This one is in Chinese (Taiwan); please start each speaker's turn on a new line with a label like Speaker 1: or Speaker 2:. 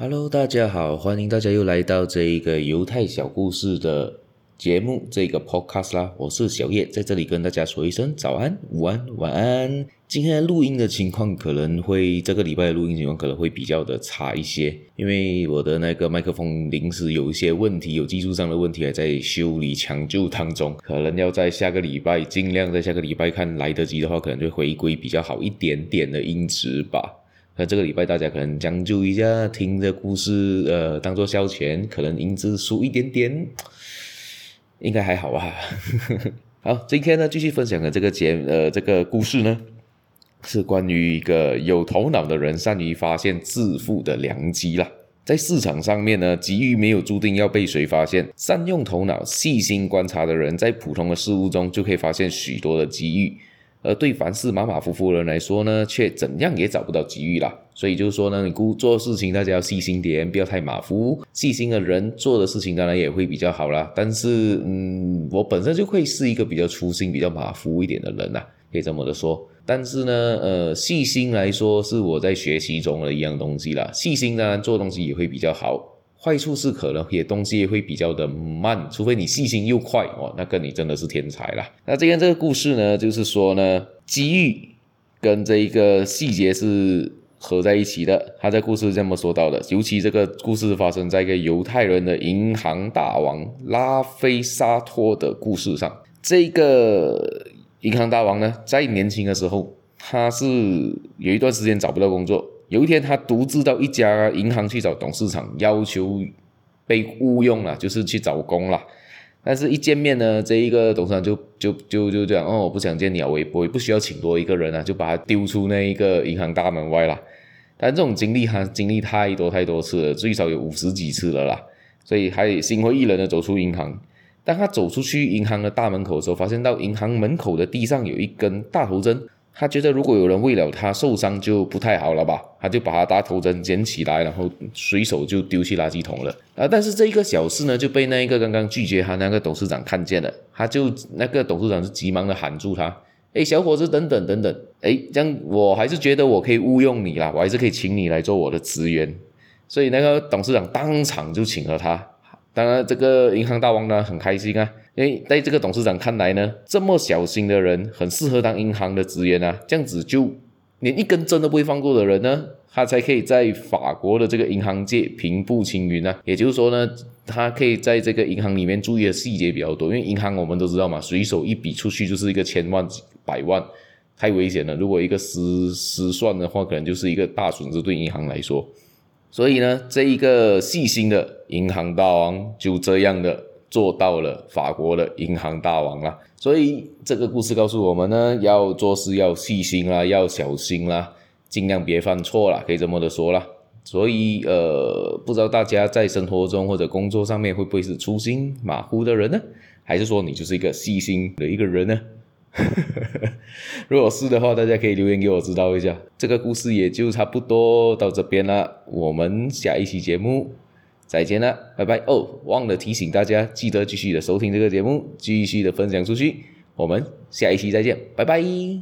Speaker 1: 哈嘍，大家好，歡迎大家又來到這個猶太小故事的節目這個 Podcast 啦。我是小葉，在這裡跟大家說一聲早安、午安、晚安。今天的錄音的情況可能會這個禮拜的錄音情況可能會比較的差一些，因為我的那個麥克風臨時有一些問題，有技術上的問題還在修理搶救當中，可能要在下個禮拜盡量在下個禮拜看來得及的話，可能就回歸比較好一點點的音質吧。那這個禮拜大家可能將就一下聽這故事，呃，當做消遣，可能音質輸一點點，應該還好吧。 好，今天呢繼續分享的這個節，呃，這個故事呢，是關於一個有頭腦的人善於發現致富的良機啦。在市場上面呢，機遇沒有注定要被誰發現，善用頭腦、細心觀察的人，在普通的事物中就可以發現許多的機遇。而對凡事馬馬虎虎的人來說呢，卻怎樣也找不到機遇啦，所以就是說呢，你做事情大家要細心點，不要太馬虎。細心的人做的事情當然也會比較好啦。但是，嗯，我本身就會是一個比較粗心、比較馬虎一點的人啊，可以這麼的說。但是呢，呃，細心來說是我在學習中的一樣東西啦。細心當然做東西也會比較好。壞處是可能也東西也會比較的慢，除非你細心又快哦，那個你真的是天才啦。那這邊這個故事呢，就是說呢，機遇跟這一個細節是合在一起的。他在故事這麼說到的，尤其這個故事發生在一個猶太人的銀行大王拉菲沙托的故事上。這個銀行大王呢，在年輕的時候，他是有一段時間找不到工作，有一天，他獨自到一家銀行去找董事長，要求被僱傭了，就是去找工了。但是，一見面呢，這一個董事長就就就就這樣，哦，我不想見你啊，我我也不需要請多一個人啊，就把他丟出那一個銀行大門外了。但這種經歷他經歷太多太多次了，最少有五十幾次了啦，所以還心灰意冷的走出銀行。當他走出去銀行的大門口的時候，發現到銀行門口的地上有一根大頭針。他覺得如果有人為了他受傷就不太好了吧，他就把他大頭針撿起來，然後隨手就丟棄垃圾桶了。啊，但是這一個小事呢，就被那一個剛剛拒絕他那個董事長看見了，他就那個董事長是急忙地喊住他，哎，小伙子，等等等等，哎，這樣我還是覺得我可以誤用你啦，我還是可以請你來做我的職員。所以那個董事長當場就請了他，當然這個銀行大王呢很開心啊。因為在這個董事長看來呢，這麼小心的人很適合當銀行的職員啊，這樣子就連一根針都不會放過的人呢，他才可以在法國的這個銀行界平步青雲啊。也就是說呢，他可以在這個銀行裡面注意的細節比較多，因為銀行我們都知道嘛，隨手一筆出去就是一個千萬、百萬，太危險了。如果一個失失算的話，可能就是一個大損失對銀行來說。所以呢，這一個細心的銀行大王就這樣的。做到了法國的銀行大王了，所以這個故事告訴我們呢，要做事要細心啦，要小心啦，儘量別犯錯了，可以這麼的說啦。所以呃，不知道大家在生活中或者工作上面會不會是粗心馬虎的人呢？還是說你就是一個細心的一個人呢？ 如果是的話，大家可以留言給我知道一下。這個故事也就差不多到這邊了，我們下一期節目。再見了，拜拜哦！Oh, 忘了提醒大家，記得繼續的收聽這個節目，繼續的分享出去。我們下一期再見，拜拜。